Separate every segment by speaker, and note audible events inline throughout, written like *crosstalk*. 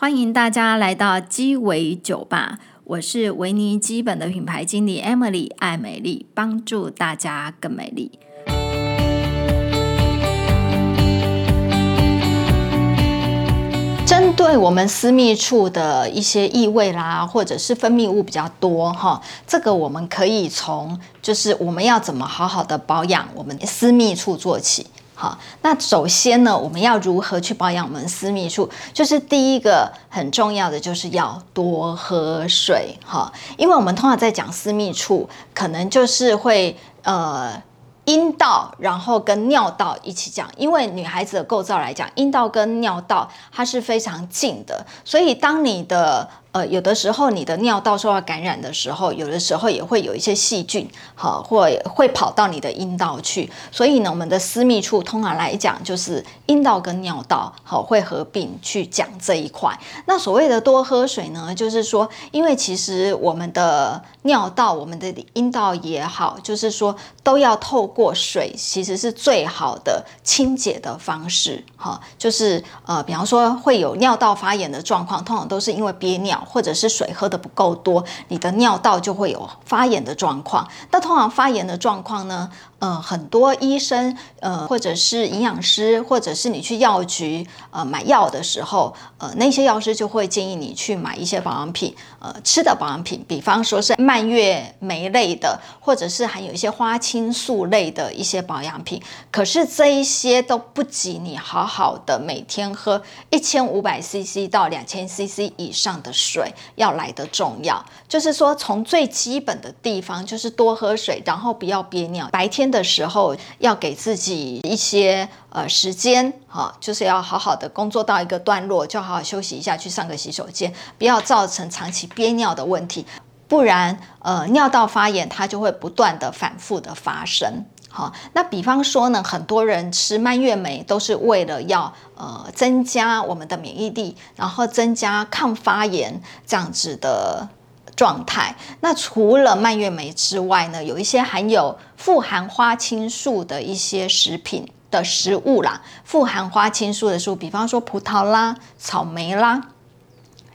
Speaker 1: 歡迎大家來到雞尾酒吧，我是薇霓肌本的品牌經理 Emily 愛美麗，幫助大家更美麗。針對我們私密處的一些異味啦，或者是分泌物比較多哈，這個我們可以從就是我們要怎麼好好的保養我們私密處做起。好，那首先呢，我們要如何去保養我們私密處？就是第一個很重要的，就是要多喝水。哈，因為我們通常在講私密處，可能就是會呃陰道，然後跟尿道一起講，因為女孩子的構造來講，陰道跟尿道它是非常近的，所以當你的呃，有的時候你的尿道受到感染的時候，有的時候也會有一些細菌，好、哦，或會，會跑到你的陰道去。所以呢，我們的私密處通常來講就是陰道跟尿道，好、哦，會合併去講這一塊。那所謂的多喝水呢，就是說，因為其實我們的尿道、我們的陰道也好，就是說都要透過水，其實是最好的清潔的方式，哈、哦，就是呃，比方說會有尿道發炎的狀況，通常都是因為憋尿。或者是水喝的不夠多，你的尿道就會有發炎的狀況。那通常發炎的狀況呢，呃，很多醫生，呃，或者是營養師，或者是你去藥局，呃，買藥的時候，呃，那些藥師就會建議你去買一些保養品，呃，吃的保養品，比方說是蔓越莓類的，或者是含有一些花青素類的一些保養品。可是這一些都不及你好好的每天喝一千五百 CC 到兩千 CC 以上的水要來得重要。就是說，從最基本的地方，就是多喝水，然後不要憋尿，白天的時候要給自己一些呃時間哈、哦，就是要好好的工作到一個段落，就好好休息一下，去上個洗手間，不要造成長期憋尿的問題，不然呃尿道發炎它就會不斷的反覆的發生。哈、哦，那比方說呢，很多人吃蔓越莓都是為了要呃增加我們的免疫力，然後增加抗發炎這樣子的。狀態。那除了蔓越莓之外呢，有一些含有富含花青素的一些食品的食物啦，富含花青素的食物，比方說葡萄啦、草莓啦、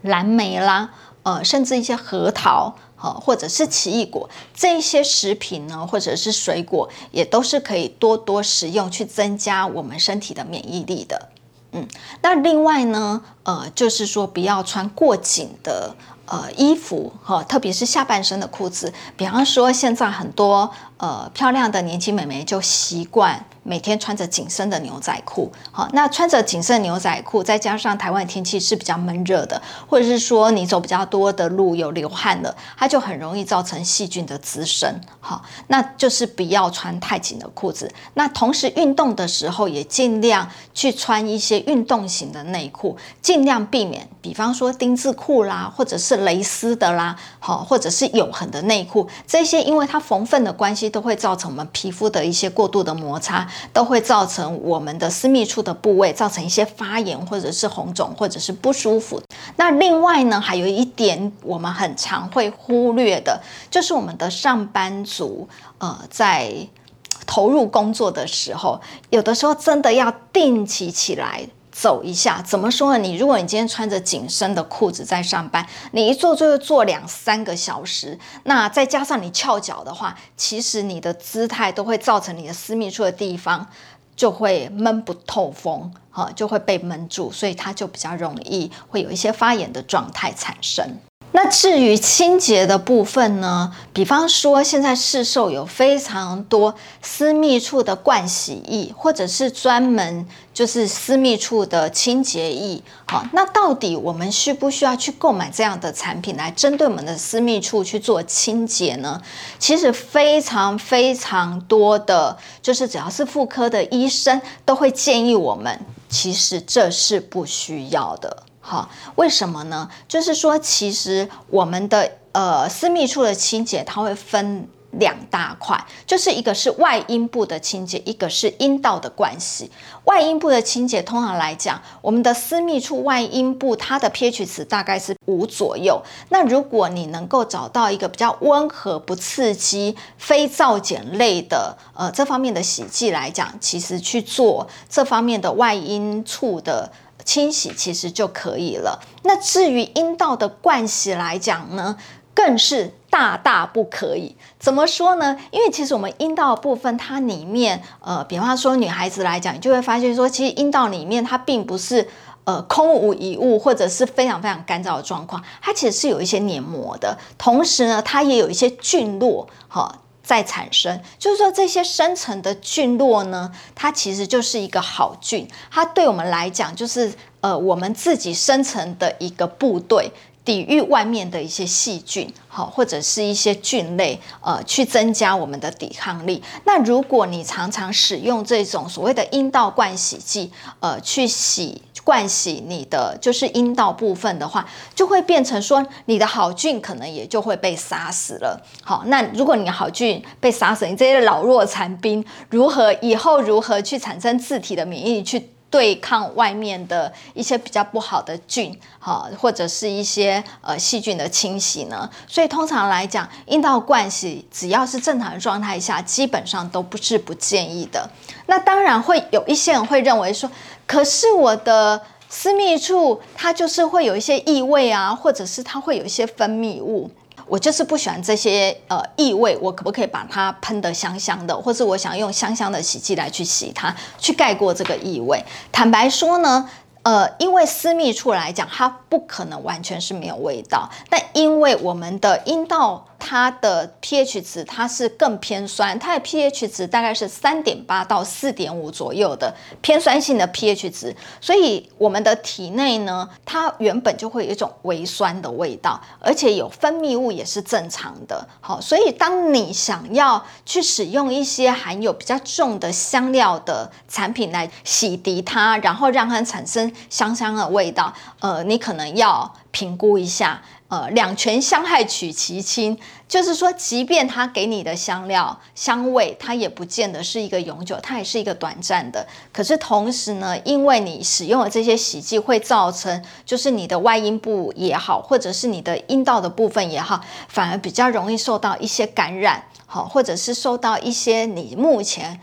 Speaker 1: 藍莓啦，呃，甚至一些核桃，呃，或者是奇異果，這一些食品呢，或者是水果，也都是可以多多食用，去增加我們身體的免疫力的。嗯，那另外呢，呃，就是說不要穿過緊的。呃，衣服齁，特別是下半身的褲子，比方說，現在很多。呃，漂亮的年輕美眉就習慣每天穿着緊身的牛仔褲，好，那穿着緊身的牛仔褲，再加上台灣天氣是比較悶熱的，或者是說你走比較多的路有流汗了，它就很容易造成細菌的滋生，好，那就是不要穿太緊的褲子。那同時運動的時候也盡量去穿一些運動型的內褲，盡量避免，比方說丁字褲啦，或者是蕾絲的啦，好，或者是有痕的內褲，這些因為它縫份的關係。都會造成我們皮膚的一些過度的摩擦，都會造成我們的私密處的部位造成一些發炎或者是紅腫或者是不舒服。那另外呢，還有一點我們很常會忽略的，就是我們的上班族，呃，在投入工作的時候，有的時候真的要定期起來走一下，怎麼說呢？你如果你今天穿着緊身的褲子在上班，你一坐就會坐兩三個小時，那再加上你翹腳的話，其實你的姿態都會造成你的私密處的地方就會悶不透風，哈，就會被悶住，所以它就比較容易會有一些發炎的狀態產生。那至於清潔的部分呢？比方說，現在市售有非常多私密處的灌洗液，或者是專門就是私密處的清潔液。好，那到底我們需不需要去購買這樣的產品來針對我們的私密處去做清潔呢？其實非常非常多的就是，只要是婦科的醫生都會建議我們，其實這是不需要的。好，為什麼呢？就是說，其實我們的呃私密處的清潔，它會分兩大塊，就是一個是外陰部的清潔，一個是陰道的關係。外陰部的清潔，通常來講，我們的私密處外陰部，它的 pH 值大概是五左右。那如果你能夠找到一個比較溫和、不刺激、非皂鹼類的呃這方面的洗劑來講，其實去做這方面的外陰處的。清洗其實就可以了。那至於陰道的灌洗來講呢，更是大大不可以。怎麼說呢？因為其實我們陰道的部分，它裡面，呃，比方說女孩子來講，你就會發現說，其實陰道裡面它並不是呃空無一物，或者是非常非常乾燥的狀況，它其實是有一些黏膜的，同時呢，它也有一些菌落，哈、哦。在產生，就是說，這些生成的菌落呢，它其實就是一個好菌，它對我們來講就是呃，我們自己生成的一個部隊。抵禦外面的一些細菌，好或者是一些菌類，呃，去增加我們的抵抗力。那如果你常常使用這種所謂的陰道灌洗劑，呃，去洗灌洗你的就是陰道部分的話，就會變成說你的好菌可能也就會被殺死了。好，那如果你的好菌被殺死，你這些老弱殘兵如何以後如何去產生自體的免疫力去對抗外面的一些比較不好的菌，哈、啊，或者是一些呃細菌的侵襲呢。所以通常來講，陰道灌洗只要是正常的狀態下，基本上都不是不建議的。那當然會有一些人會認為說，可是我的私密處它就是會有一些異味啊，或者是它會有一些分泌物。我就是不喜歡這些呃異味，我可不可以把它噴得香香的，或是我想用香香的洗劑來去洗它，去蓋過這個異味？坦白說呢，呃，因為私密處來講，它不可能完全是沒有味道，但因為我們的陰道。它的 pH 值它是更偏酸，它的 pH 值大概是三點八到四點五左右的偏酸性的 pH 值，所以我們的體內呢，它原本就會有一種微酸的味道，而且有分泌物也是正常的。好，所以當你想要去使用一些含有比較重的香料的產品來洗滌它，然後讓它產生香香的味道，呃，你可能要評估一下。呃，兩權相害取其輕，就是說，即便他給你的香料香味，它也不見得是一個永久，它也是一個短暫的。可是同時呢，因為你使用了這些洗劑會造成，就是你的外陰部也好，或者是你的陰道的部分也好，反而比較容易受到一些感染，好，或者是受到一些你目前。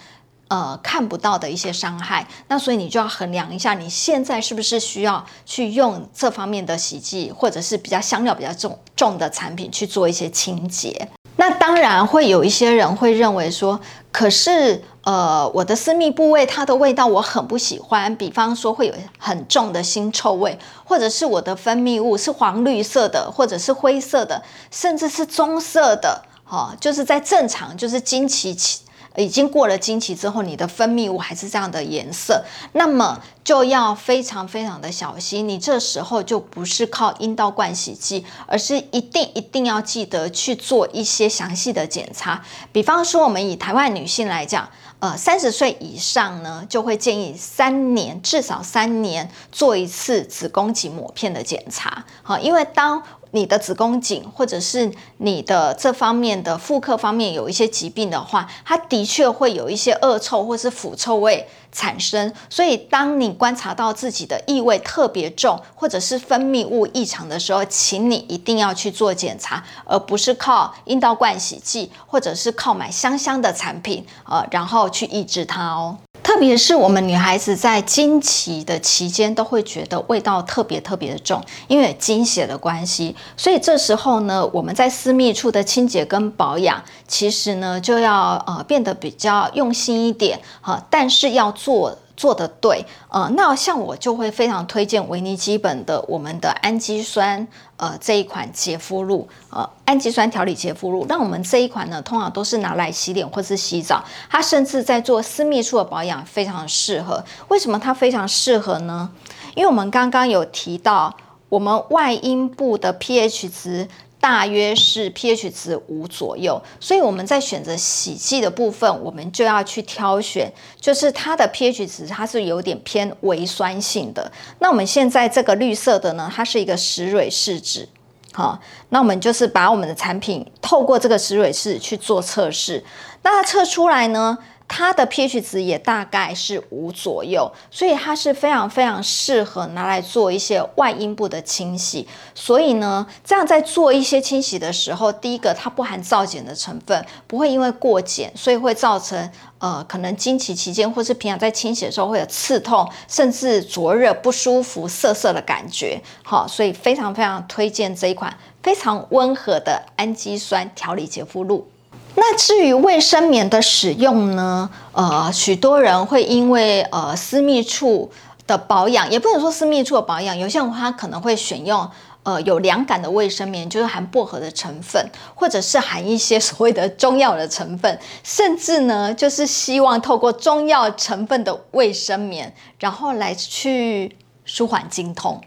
Speaker 1: 呃，看不到的一些傷害，那所以你就要衡量一下，你現在是不是需要去用這方面的洗劑，或者是比較香料比較重重的產品去做一些清潔。嗯。那當然會有一些人會認為說，可是呃，我的私密部位它的味道我很不喜歡，比方說會有很重的腥臭味，或者是我的分泌物是黃綠色的，或者是灰色的，甚至是棕色的，哈、呃，就是在正常就是經期期。已經過了經期之後，你的分泌物還是這樣的顏色，那麼就要非常非常的小心。你這時候就不是靠陰道灌洗劑，而是一定一定要記得去做一些詳細的檢查。比方說，我們以台灣女性來講，呃，三十歲以上呢，就會建議三年至少三年做一次子宮頸抹片的檢查。好，因為當你的子宮頸或者是你的這方面的婦科方面有一些疾病的話，它的確會有一些惡臭或是腐臭味產生。所以，當你觀察到自己的異味特別重，或者是分泌物異常的時候，請你一定要去做檢查，而不是靠陰道灌洗劑，或者是靠買香香的產品，呃，然後去抑制它哦。特別是我們女孩子，在經期的期間，都會覺得味道特別特別的重，因為有經血的關係，所以這時候呢，我們在私密處的清潔跟保養，其實呢就要呃變得比較用心一點啊，呃，但是要做，做得對，呃，那像我就會非常推薦薇霓肌本的我們的氨基酸，呃，這一款潔膚露，呃，氨基酸調理潔膚露。那我們這一款呢，通常都是拿來洗臉或是洗澡，它甚至在做私密處的保養，非常適合。為什麼它非常適合呢？因為我們剛剛有提到，我們外陰部的 pH 值。大約是 pH 值五左右，所以我們在選擇洗劑的部分，我們就要去挑選，就是它的 pH 值，它是有點偏微酸性的。那我們現在這個綠色的呢，它是一個石蕊試紙，好，那我們就是把我們的產品透過這個石蕊試去做測試，那它測出來呢？它的 pH 值，也大概是五左右，所以它是非常非常適合拿來做一些外陰部的清洗。所以呢，這樣在做一些清洗的時候，第一個它不含皂鹼的成分，不會因為過鹼，所以會造成呃可能經期期間或是平常在清洗的時候會有刺痛，甚至灼熱不舒服澀澀的感覺。好，所以非常非常推薦這一款非常溫和的胺基酸調理潔膚露。那至於衛生棉的使用呢？呃，許多人會因為呃私密處的保養，也不能說私密處的保養，有些人他可能會選用呃有涼感的衛生棉，就是含薄荷的成分，或者是含一些所謂的中藥的成分，甚至呢，就是希望透過中藥成分的衛生棉，然後來去舒緩經痛。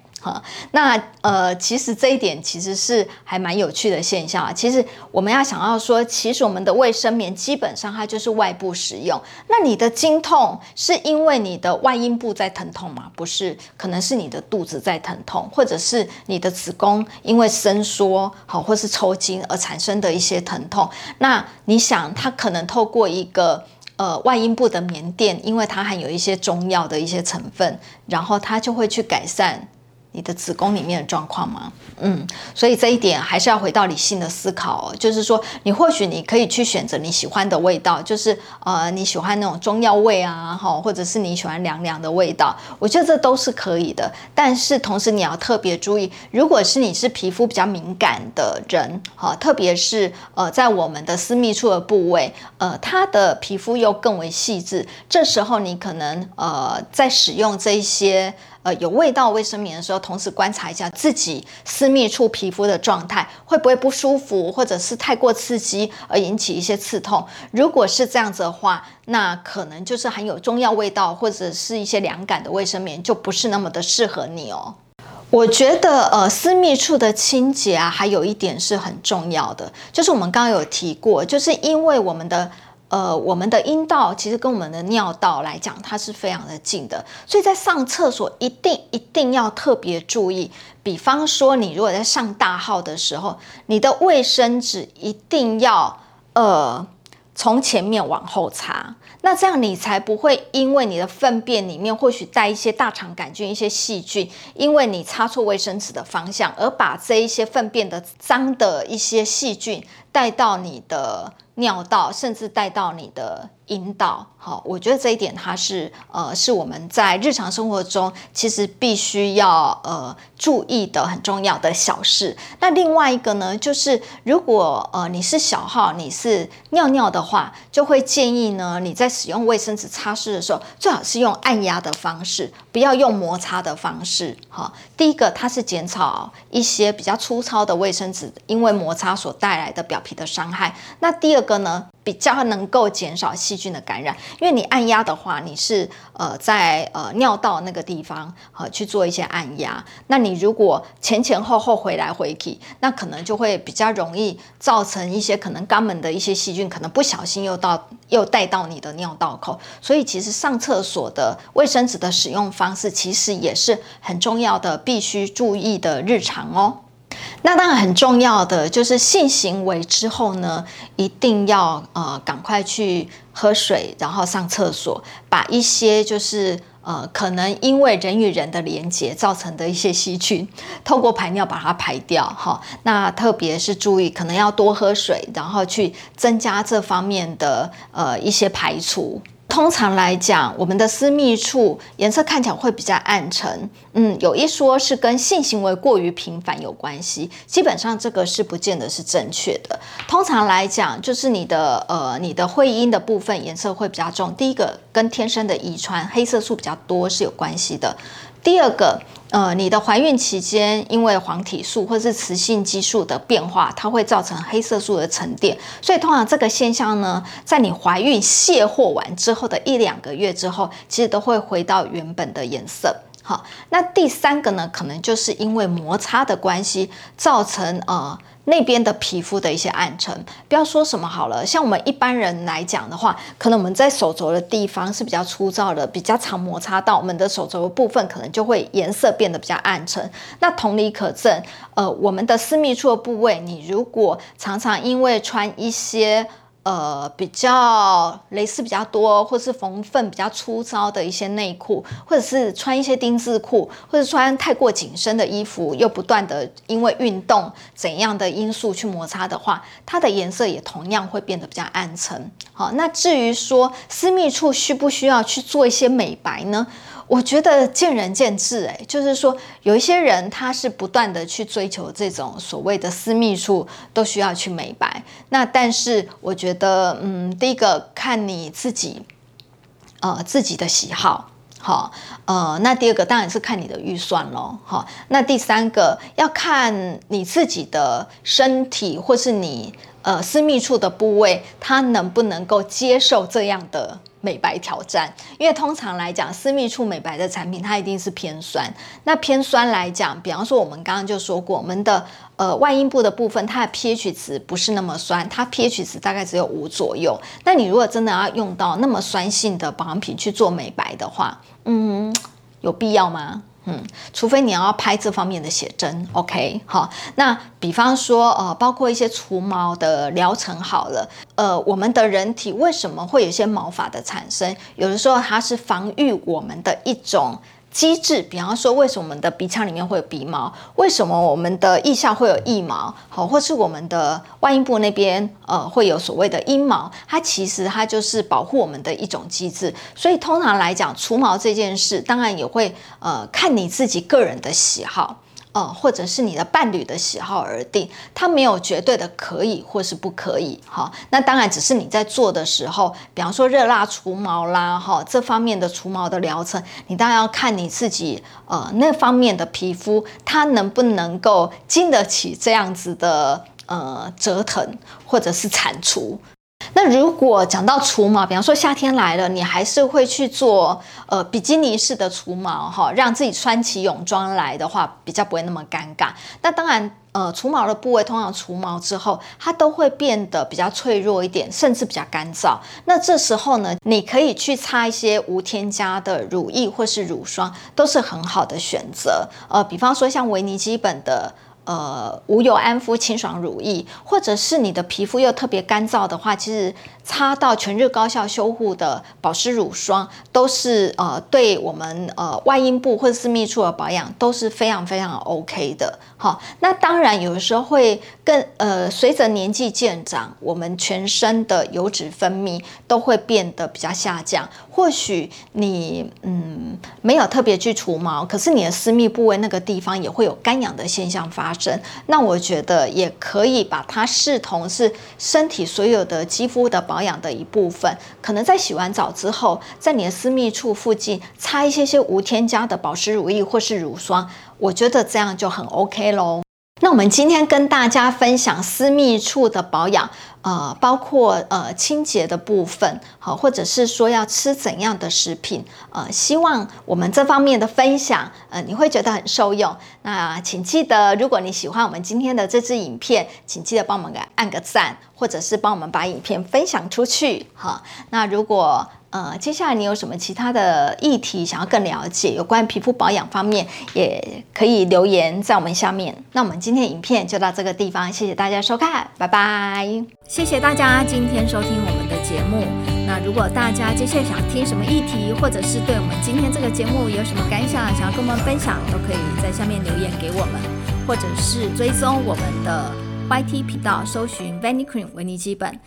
Speaker 1: 那呃，其實這一點其實是還蠻有趣的現象啊。其實我們要想到說，其實我們的衛生棉基本上它就是外部使用。那你的經痛是因為你的外陰部在疼痛嗎？不是，可能是你的肚子在疼痛，或者是你的子宮因為伸縮好，或是抽筋而產生的一些疼痛。那你想，它可能透過一個呃外陰部的棉墊，因為它含有一些中藥的一些成分，然後它就會去改善。你的子宮裡面的狀況嗎？嗯，所以這一點還是要回到理性的思考，就是說，你或許你可以去選擇你喜歡的味道，就是呃你喜歡那種中藥味啊，或者是你喜歡涼涼的味道，我覺得這都是可以的。但是同時你要特別注意，如果是你是皮膚比較敏感的人，哈，特別是呃在我們的私密處的部位，呃，它的皮膚又更為細緻，這時候你可能呃在使用這一些。呃，有味道衛生棉的時候，同時觀察一下自己私密處皮膚的狀態，會不會不舒服，或者是太過刺激而引起一些刺痛。如果是這樣子的話，那可能就是含有中藥味道或者是一些涼感的衛生棉，就不是那麼的適合你哦、喔。 *music* 我覺得，呃，私密處的清潔啊，還有一點是很重要的，就是我們剛剛有提過，就是因為我們的。呃，我們的陰道其實跟我們的尿道來講，它是非常的近的，所以在上廁所一定一定要特別注意。比方說，你如果在上大號的時候，你的衛生紙一定要呃從前面往後擦，那這樣你才不會因為你的糞便裡面或許帶一些大腸桿菌、一些細菌，因為你擦錯衛生紙的方向，而把這一些糞便的、髒的一些細菌，帶到你的尿道，甚至帶到你的陰道。好，我覺得這一點它是呃是我們在日常生活中其實必須要呃注意的很重要的小事。那另外一個呢，就是如果呃你是小號，你是尿尿的話，就會建議呢你在使用衛生紙擦拭的時候，最好是用按壓的方式，不要用摩擦的方式。好，第一個它是減少一些比較粗糙的衛生紙因為摩擦所帶來的表面。皮的傷害。那第二個呢，比較能夠減少細菌的感染，因為你按壓的話，你是呃在呃尿道那個地方呃去做一些按壓。那你如果前前後後回來回去，那可能就會比較容易造成一些可能肛門的一些細菌，可能不小心又到又帶到你的尿道口。所以，其實上廁所的衛生紙的使用方式，其實也是很重要的，必須注意的日常哦。那當然很重要的就是性行為之後呢，一定要呃趕快去喝水，然後上廁所，把一些就是呃可能因為人與人的連結造成的一些細菌，透過排尿把它排掉。哈，那特別是注意，可能要多喝水，然後去增加這方面的呃一些排除。通常來講，我們的私密處顏色看起來會比較暗沉，嗯，有一說是跟性行為過於頻繁有關係，基本上這個是不見得是正確的。通常來講，就是你的呃你的會陰的部分顏色會比較重。第一個。跟天生的遺傳黑色素比較多是有關係的。第二個，呃，你的懷孕期間因為黃體素或是雌性激素的變化，它會造成黑色素的沉澱，所以通常這個現象呢，在你懷孕卸貨完之後的一兩個月之後，其實都會回到原本的顏色。好，那第三個呢，可能就是因為摩擦的關係，造成，呃。那邊的皮膚的一些暗沉，不要說什麼好了。像我們一般人來講的話，可能我們在手肘的地方是比較粗糙的，比較常摩擦到我們的手肘的部分，可能就會顏色變得比較暗沉。那同理可證，呃，我們的私密處的部位，你如果常常因為穿一些。呃，比較蕾絲比較多，或是縫份比較粗糙的一些內褲，或者是穿一些丁字褲，或者穿太過緊身的衣服，又不斷的因為運動怎樣的因素去摩擦的話，它的顏色也同樣會變得比較暗沉。好，那至於說私密處需不需要去做一些美白呢？我覺得見仁見智哎、欸，就是說有一些人他是不斷的去追求這種所謂的私密處都需要去美白，那但是我覺得嗯，第一個看你自己呃自己的喜好，好、哦、呃，那第二個當然是看你的預算咯。好、哦，那第三個要看你自己的身體或是你呃私密處的部位，他能不能夠接受這樣的。美白挑戰，因為通常來講，私密處美白的產品，它一定是偏酸。那偏酸來講，比方說我們剛剛就說過，我們的呃外陰部的部分，它的 pH 值，不是那麼酸，它 pH 值，大概只有五左右。那你如果真的要用到那麼酸性的保養品去做美白的話，嗯，有必要嗎？嗯，除非你要拍這方面的寫真，OK？好，那比方說，呃，包括一些除毛的療程好了，呃，我們的人體為什麼會有一些毛髮的產生？有的時候它是防御我們的一種，機制，比方說，為什麼我們的鼻腔裡面會有鼻毛？為什麼我們的腋下會有腋毛？好，或是我們的外陰部那邊，呃，會有所謂的陰毛？它其實它就是保護我們的一種機制。所以，通常來講，除毛這件事，當然也會呃，看你自己個人的喜好。呃，或者是你的伴侶的喜好而定，它沒有絕對的可以或是不可以。哈、哦，那當然只是你在做的時候，比方說熱蠟除毛啦，哈、哦，這方面的除毛的療程，你當然要看你自己，呃，那方面的皮膚它能不能夠經得起這樣子的呃折騰或者是鏟除。那如果講到除毛，比方說夏天來了，你還是會去做呃比基尼式的除毛哈、哦，讓自己穿起泳裝來的話，比較不會那麼尷尬。那當然，呃，除毛的部位通常除毛之後，它都會變得比較脆弱一點，甚至比較乾燥。那這時候呢，你可以去擦一些無添加的乳液或是乳霜，都是很好的選擇。呃，比方說像薇霓肌本的。呃，無油安膚清爽乳液，或者是你的皮膚又特別乾燥的話，其實擦到全日高效修護的保濕乳霜，都是呃，對我們呃外陰部或私密處的保養都是非常非常 OK 的。好、哦，那當然有時候會更呃，隨着年紀漸長，我們全身的油脂分泌都會變得比較下降。或許你嗯沒有特別去除毛，可是你的私密部位那個地方也會有乾癢的現象發生。那我覺得也可以把它視同是身體所有的肌膚的保養的一部分。可能在洗完澡之後，在你的私密處附近擦一些些無添加的保濕乳液或是乳霜，我覺得這樣就很 OK 嘍。那我們今天跟大家分享私密處的保養，呃，包括呃清潔的部分，好，或者是說要吃怎樣的食品，呃，希望我們這方面的分享，呃，你會覺得很受用。那請記得，如果你喜歡我們今天的這支影片，請記得幫我們給按個讚，或者是幫我們把影片分享出去，好，那如果呃、嗯，接下來你有什麼其他的議題想要更了解？有關皮膚保養方面，也可以留言在我們下面。那我們今天影片就到這個地方，謝謝大家收看，拜拜。謝謝大家今天收聽我們的節目。那如果大家接下來想聽什麼議題，或者是對我們今天這個節目有什麼感想，想要跟我們分享，都可以在下面留言給我們，或者是追蹤我們的 YT 頻道，搜尋 Vanicream 薇霓肌本。